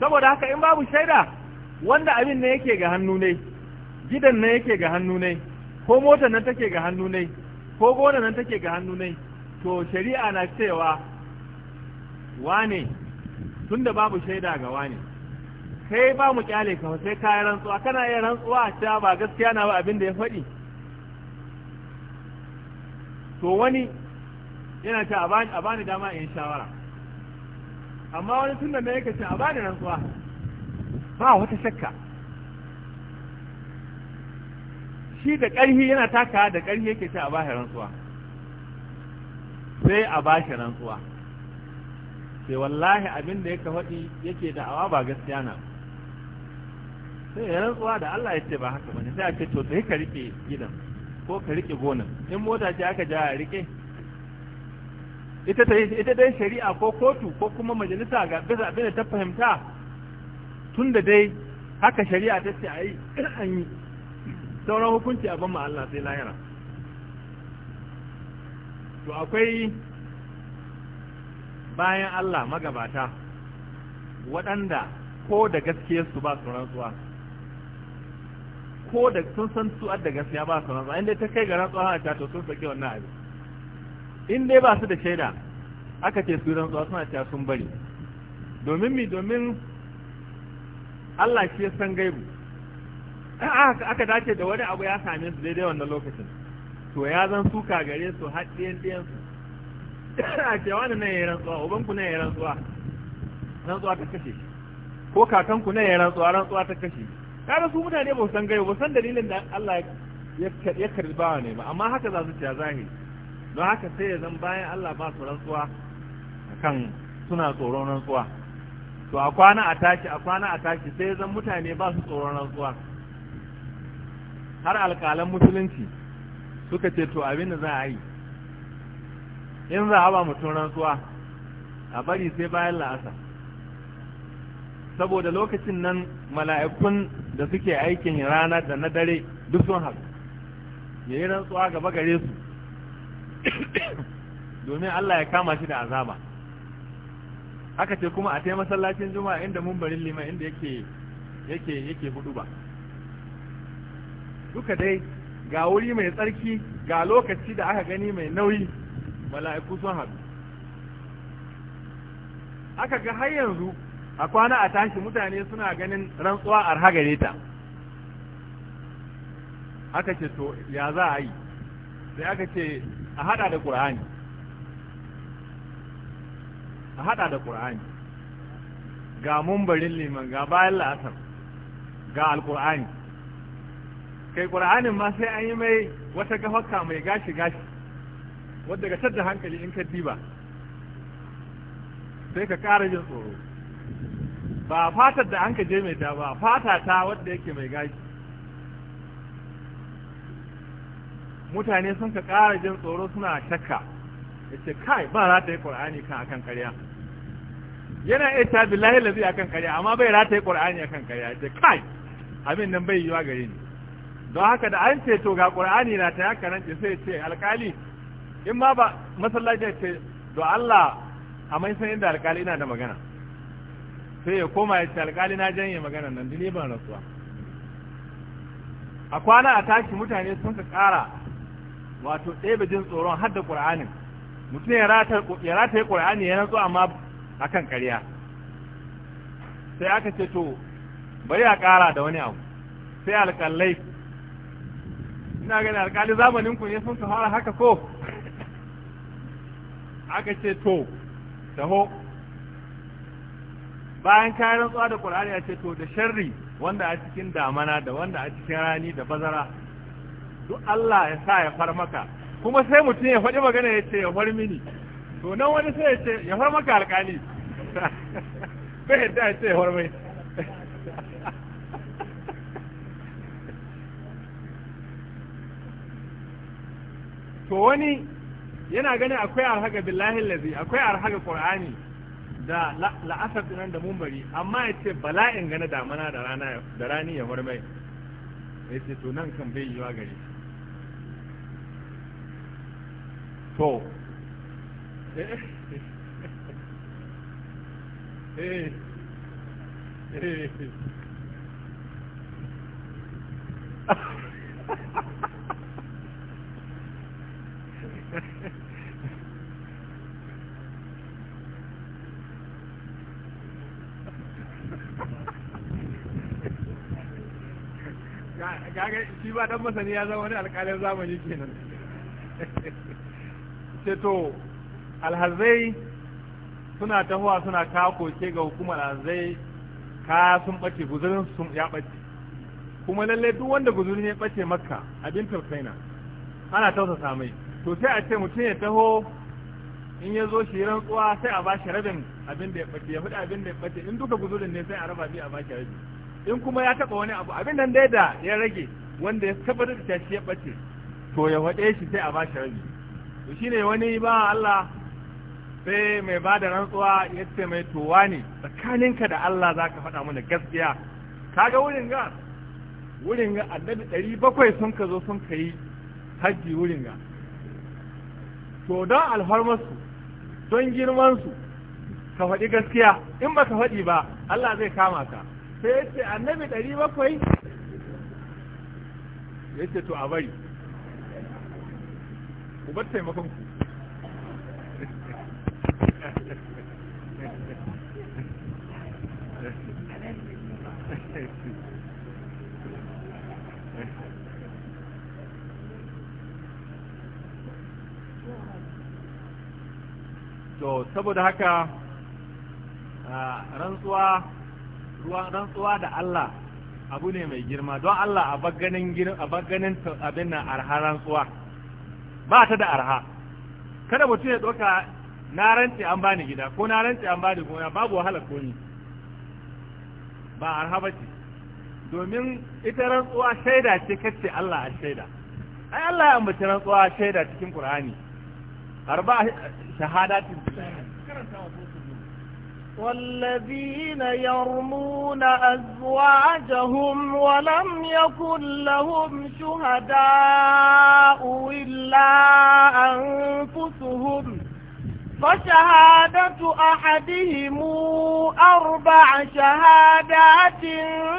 A: saboda haka in babu shaida wanda abin ne yake ga hannu ne gidan ne yake ga hannu ne ko mota nan take ga hannu ne ko gona nan take ga hannu ne to shari'a na cewa wane tunda babu shaida ga wane kai ba mu kyale ka sai ka yi rantsuwa kana yi rantsuwa a ta ba gaskiya na ba abin da ya faɗi to wani yana ta a bani dama in shawara amma wani tun da yake ce a bani rantsuwa ba wata shakka shi da ƙarfi yana taka da ƙarfi yake ce a bashi rantsuwa sai a bashi rantsuwa sai wallahi abin da yake faɗi yake da awa ba gaskiya na sai ya rantsuwa da Allah ya ce ba haka bane sai a ce to sai ka rike gidan ko ka rike gonan in mota ce aka ja a rike ita ta ita dai shari'a ko kotu ko kuma majalisa ga bisa abin da ta fahimta tun da dai haka shari'a ta ce a yi an yi sauran hukunci a ban Allah sai lahira to akwai bayan Allah magabata waɗanda ko da su ba su rantsuwa ko da sun san su da gaskiya ba su rantsuwa inda ta kai ga rantsuwa a to sun sake wannan abin in dai ba su da shaida aka ce su rantsuwa suna cewa sun bari domin mi domin Allah shi ya san gaibu aka dace da wani abu ya same su daidai wannan lokacin to ya zan suka gare su haɗiyan ɗiyan su a ce wani na yi rantsuwa ku na yi rantsuwa rantsuwa ta kashe ko kakanku na yi rantsuwa rantsuwa ta kashe kada su mutane ba su san gaibu ba san dalilin da Allah ya karɓa wa ne ba amma haka za su ce zahiri don haka sai ya zan bayan Allah ba su rantsuwa kan suna tsoron rantsuwa to a kwana a tashi a kwana a tashi sai zan mutane ba su tsoron rantsuwa har alƙalan musulunci suka ce to abin da za a yi in za a ba mutum rantsuwa a bari sai bayan la'asa saboda lokacin nan mala'ikun da suke aikin rana da na dare duk sun haɗu ya yi rantsuwa gaba gare su domin Allah ya kama shi da azaba aka ce kuma a tai masallacin juma'a inda mumbarin liman inda yake yake hudu ba duka dai ga wuri mai tsarki ga lokaci da aka gani mai nauyi mala'iku sun haɗu aka ga har yanzu a kwana a tashi mutane suna ganin rantsuwa arha gare ta aka ce to ya za a yi sai aka ce a hada da qur'ani a hada da qur'ani ga mumbarin liman ga bayan la'asar ga alqur'ani kai qur'anin ma sai an yi mai wata gafaka mai gashi gashi wadda ga tadda hankali in ka diba sai ka ƙara jin tsoro ba fatar da an ka je mai ta ba fata ta wadda yake mai gashi mutane sun ka ƙara jin tsoro suna shakka ya ce kai ba rata yi ƙur'ani kan akan karya yana iya ta billahi lazi akan karya amma bai rata yi ƙur'ani akan karya ya ce kai abin nan bai yiwa gare ni don haka da an ce to ga ƙur'ani na ta yaka nan sai ce alƙali in ma ba masallaci ce do Allah a mai san inda alƙali ina da magana sai ya koma ya ce alƙali na janye magana nan dini ban rasuwa a kwana a tashi mutane sun ka ƙara wato ɗebe jin tsoron har da ƙur'anin mutum ya rataye ƙur'ani ya rantsu amma akan ƙarya sai aka ce to bari a ƙara da wani abu sai alƙalai ina gani alƙali zamanin ku ne sun ka fara haka ko aka ce to taho bayan kayan rantsuwa da ƙur'ani ya ce to da sharri wanda a cikin damana da wanda a cikin rani da bazara duk Allah ya sa ya far maka kuma sai mutum ya faɗi magana ya ce ya far mini to nan wani sai ya ce ya far maka alƙali bai yadda ya ce ya far mai to wani yana gani akwai arhaga billahi lazi akwai arhaga qur'ani da la'asar dinan da mumbari amma ya ce bala'in gane damana da rana da rani ya hurmai ya ce to nan kan bai yiwa gare shi to
C: shi ba dan masani ya zama wani alƙalin zamani kenan
A: sai to alhazai suna tahowa suna kawo koke ga hukumar alhazai ka sun ɓace guzurin sun ya ɓace kuma lallai duk wanda guzurin ya ɓace makka abin tausaina ana tausasa mai to sai a ce mutum ya taho in ya zo shi rantsuwa sai a ba shi rabin abin da ya ɓace ya faɗi abin da ya ɓace in duka guzurin ne sai a raba biyu a ba shi rabi in kuma ya taɓa wani abu abin nan dai da ya rage wanda ya tabbatar da shi ya ɓace to ya faɗe shi sai a ba shi rabi to shi ne wani ba Allah sai mai ba da rantsuwa ya ce mai towa ne tsakaninka da Allah za ka faɗa mana gaskiya kaga wurin ga wurin ga annabi ɗari bakwai sun ka zo sun ka yi hajji wurin ga to don alfarmarsu don girmansu ka faɗi gaskiya in ba ka faɗi ba Allah zai kama ka sai ya ce annabi ɗari bakwai ya ce to a bari ku bar taimakon ku to saboda haka rantsuwa ruwan rantsuwa da Allah abu ne mai girma don Allah a baganin abin nan arharan rantsuwa ba ta da arha kada mutum ya ɗauka na rance an bani gida ko na rance an bani gona babu wahalar komi ba arha ba ce domin ita rantsuwa shaida ce kace Allah a shaida ai Allah ya ambaci rantsuwa shaida
B: cikin Qur'ani arba shahadatin karanta wa والذين يرمون أزواجهم ولم يكن لهم شهداء إلا أنفسهم فشهادة أحدهم أربع شهادات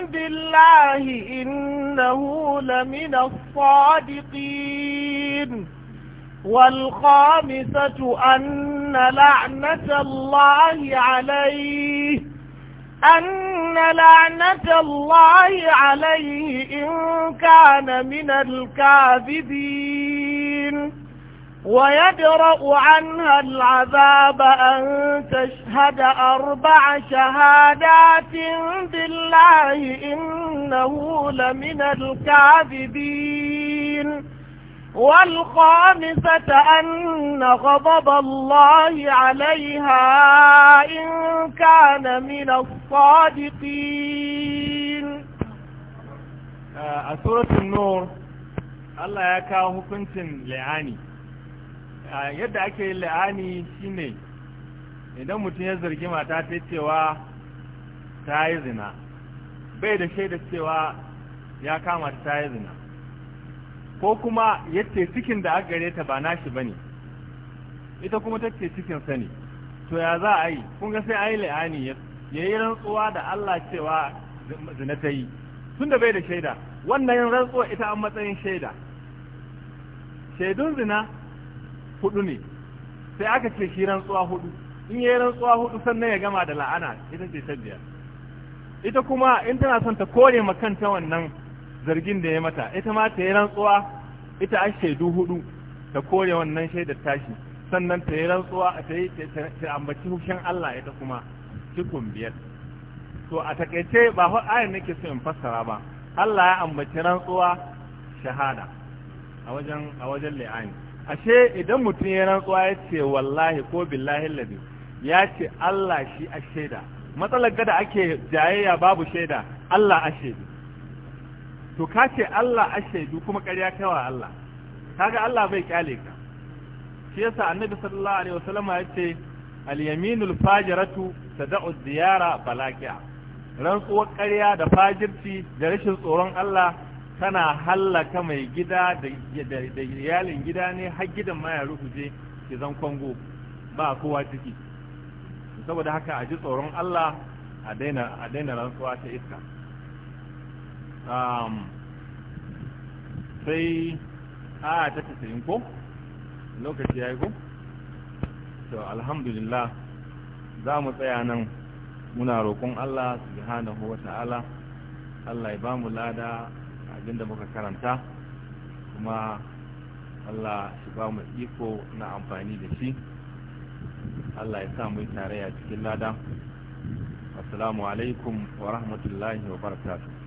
B: بالله إنه لمن الصادقين والخامسة أن لعنة الله عليه أن لعنة الله عليه إن كان من الكاذبين ويدرأ عنها العذاب أن تشهد أربع شهادات بالله إنه لمن الكاذبين والخامسة أن غضب الله عليها إن كان من الصادقين a suratun nur Allah ya kawo hukuncin la'ani
A: yadda ake yin la'ani shine idan mutum ya zargi mata ta cewa ta yi zina bai da shaida cewa ya kama ta yi zina ko kuma yace cikin da aka gare ta ba nashi bane ita kuma tace cikin sa ne to ya za a yi kun ga sai ayi la'ani ya yi rantsuwa da Allah cewa zina ta yi tunda bai da shaida wannan rantsuwa ita an matsayin shaida shaidun zina hudu ne sai aka ce shi rantsuwa hudu in yi rantsuwa hudu sannan ya gama da la'ana ita ce ta biyar ita kuma in tana son ta kore makanta wannan zargin da ya mata ita ma ta yi rantsuwa ita a shaidu hudu ta kore wannan shaidar tashi sannan ta yi rantsuwa a ta yi ta ambaci hushin Allah ita kuma cikin biyar to a takaice ba fa ayar nake so in fassara ba Allah ya ambaci rantsuwa shahada a wajen a wajen la'ani ashe idan mutum ya rantsuwa ya ce wallahi ko billahi ladi ya ce Allah shi a shaida matsalar gada ake jayayya babu shaida Allah a shaidu to ka ce Allah ashaidu kuma ƙarya kaiwa Allah kaga Allah bai kyale ka shi yasa annabi sallallahu alaihi wasallam ya ce al-yaminul fajiratu tad'u diyara rantsuwar ƙarya da fajirci da rashin tsoron Allah tana hallaka mai gida da iyalin gida ne har gidan ma ya rufuje ki zan kwango ba kowa ciki saboda haka a ji tsoron Allah a daina rantsuwa ta iska Um, sai a ta tasirin ko lokaci ya yi ko to alhamdulillah za mu tsaya nan muna roƙon Allah subhanahu wa ta'ala Allah ya ba mu lada abinda muka karanta kuma Allah shi ba mu iko na amfani da shi Allah ya sa mu a cikin lada assalamu alaikum wa rahmatullahi wa barakatuh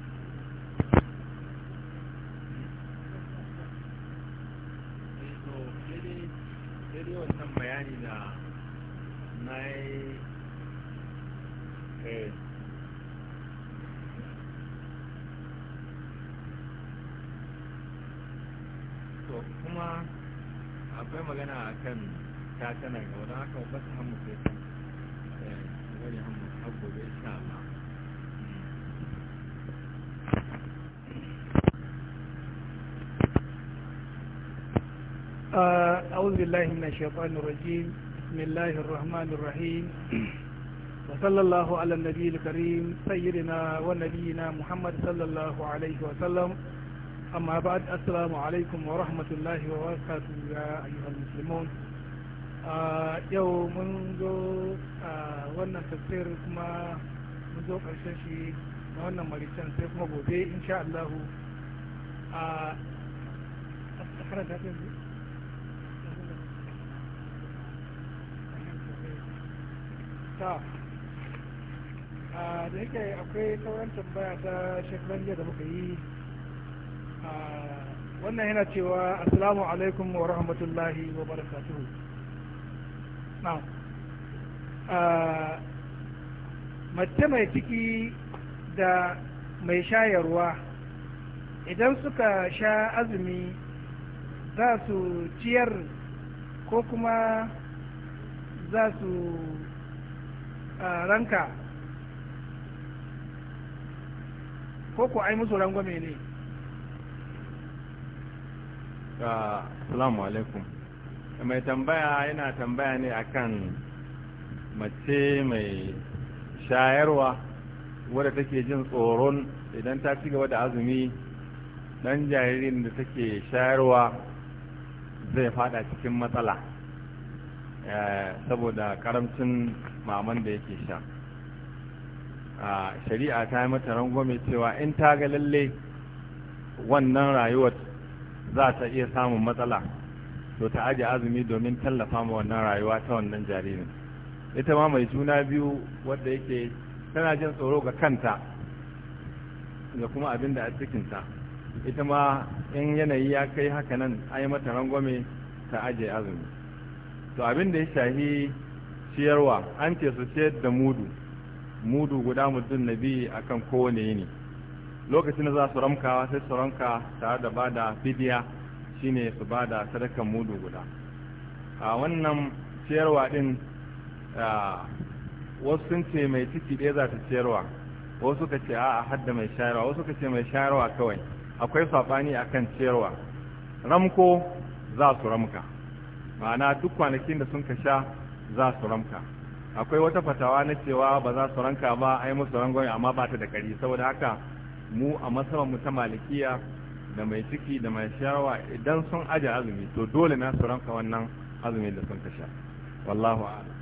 A: sai dai wannan bayani da na yi eh, to kuma akwai magana a kan ta ga wadda haka wasu hamu sai ta eh, wani hamu har gobe sha ba.
C: أعوذ بالله من الشيطان الرجيم بسم الله الرحمن الرحيم وصلى الله على النبي الكريم سيدنا ونبينا محمد صلى الله عليه وسلم أما بعد السلام عليكم ورحمة الله وبركاته يا أيها المسلمون yau mun zo a wannan tafsir kuma mun zo ƙarshen shi na wannan maricen sai kuma gobe insha Allahu a karanta ta yanzu ta da yake akwai sauran tambaya ta shekaran jiya da muka yi wannan yana cewa assalamu alaikum wa rahmatullahi wa barakatuhu mace mai ciki da mai shayarwa idan suka sha azumi za su ciyar ko kuma za su ranka ko ko ai musu rangwame ne
A: ah, assalamu alaikum mai tambaya yana tambaya ne akan mace mai shayarwa wadda take jin tsoron idan ta ci gaba da azumi dan jaririn da take shayarwa zai fada cikin matsala Eh, saboda karamcin maman da yake sha a shari'a ta yi mata rangwame cewa in ta ga lalle wannan rayuwar za ta iya samun matsala to ta aji azumi domin tallafa ma wannan rayuwa ta wannan jaririn ita ma mai juna biyu wadda yake tana jin tsoro ga kanta da kuma abin da a cikinta ita ma in yanayi ya kai hakanan a yi mata rangwame ta ajiye azumi to abin da ya shahi ciyarwa an ce su ciyar da mudu mudu guda biyu nabi akan kowane yini lokacin da za su ramkawa sai su ramka tare da bada fidiya shine su bada sadakan mudu guda a wannan ciyarwa din wasu sun ce mai ciki ɗaya za ta ciyarwa wasu suka ce a hadda mai shayarwa wasu suka ce mai shayarwa kawai akwai saɓani akan ciyarwa ramko za su ramka ma'ana duk kwanakin da sun ka sha za su ramka akwai wata fatawa na cewa ba za su ranka ba a yi musu rangon amma ba ta da kari saboda haka mu a masarar mu ta malikiya da mai ciki da mai shawa idan sun aje azumi to dole na su ranka wannan azumi da sun ka sha wallahu a'lam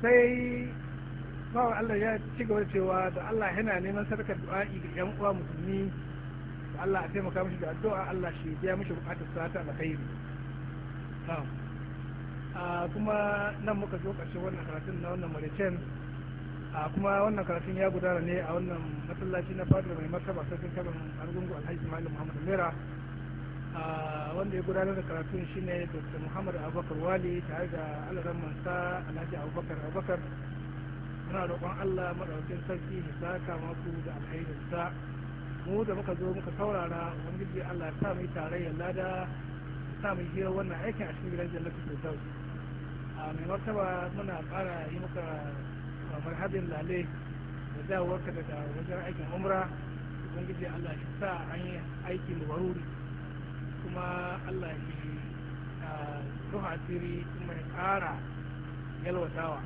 C: sai bawa Allah ya ci gaba cewa da Allah yana neman sadakar du'a'i ga yan uwa musulmi da Allah a taimaka mishi da addu'a Allah shi biya mishi bukatar sata da khairi kuma nan muka zo karshe wannan karatun na wannan maricen kuma wannan karatun ya gudana ne a wannan masallaci na fadar mai martaba sarkin kaban argungu alhaji malam muhammad mera wanda ya gudanar da karatun shine dr muhammad abubakar wali tare da alaran mansa alhaji abubakar abubakar muna roƙon allah maɗaukin sarki ya saka maku da alhairinsa mu da muka zo muka saurara ubangiji allah ya sa mu tarayyar lada sa mai hira wannan aikin a cikin gidan jannatu firdaus a mai martaba muna ƙara yi maka marhabin lale da dawowarka daga wajen aikin umra ubangiji allah ya sa an yi aiki mubaruri kuma allah shi zuha asiri kuma ya kara yalwatawa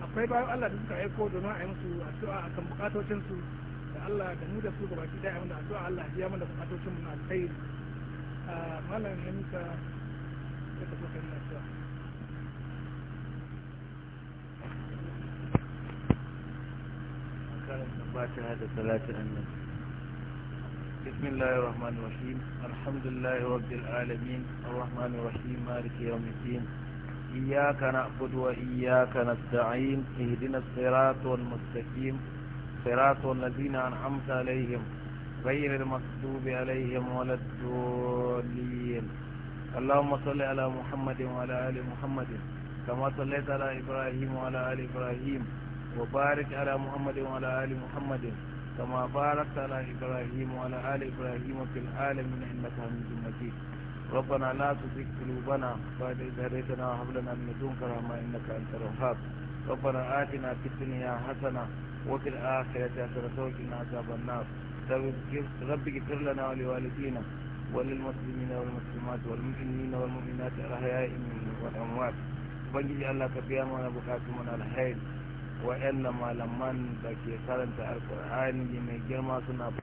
C: akwai bayan allah da suka aiko domin a su a kan bukatocinsu da allah da mu da su gabaki daya su a allah ya mana bukatocin mu na alkhairi malam ya muka ya tafi
D: kan addu'a karanta fatiha da salatu annabi بسم الله الرحمن الرحيم الحمد لله رب العالمين الرحمن الرحيم مالك يوم الدين إياك نعبد وإياك نستعين اهدنا الصراط المستقيم صراط الذين أنعمت عليهم غير المكتوب عليهم ولا الضالين اللهم صل على محمد وعلى آل محمد كما صليت على إبراهيم وعلى آل إبراهيم وبارك على محمد وعلى آل محمد كما باركت على إبراهيم وعلى آل إبراهيم في العالمين إنك حميد مجيد ربنا لا تزغ قلوبنا بعد إذ هديتنا وهب لنا من لدنك رحمة إنك أنت الوهاب ربنا آتنا في الدنيا حسنة وفي الآخرة حسنة وقنا عذاب النار رب اغفر لنا ولوالدينا وللمسلمين والمسلمات والمؤمنين والمؤمنات الأحياء منهم والأموات ubangiji Allah ka biya mana bukatu mana alhairi wa'annan malaman da ke karanta alkur'ani mai girma suna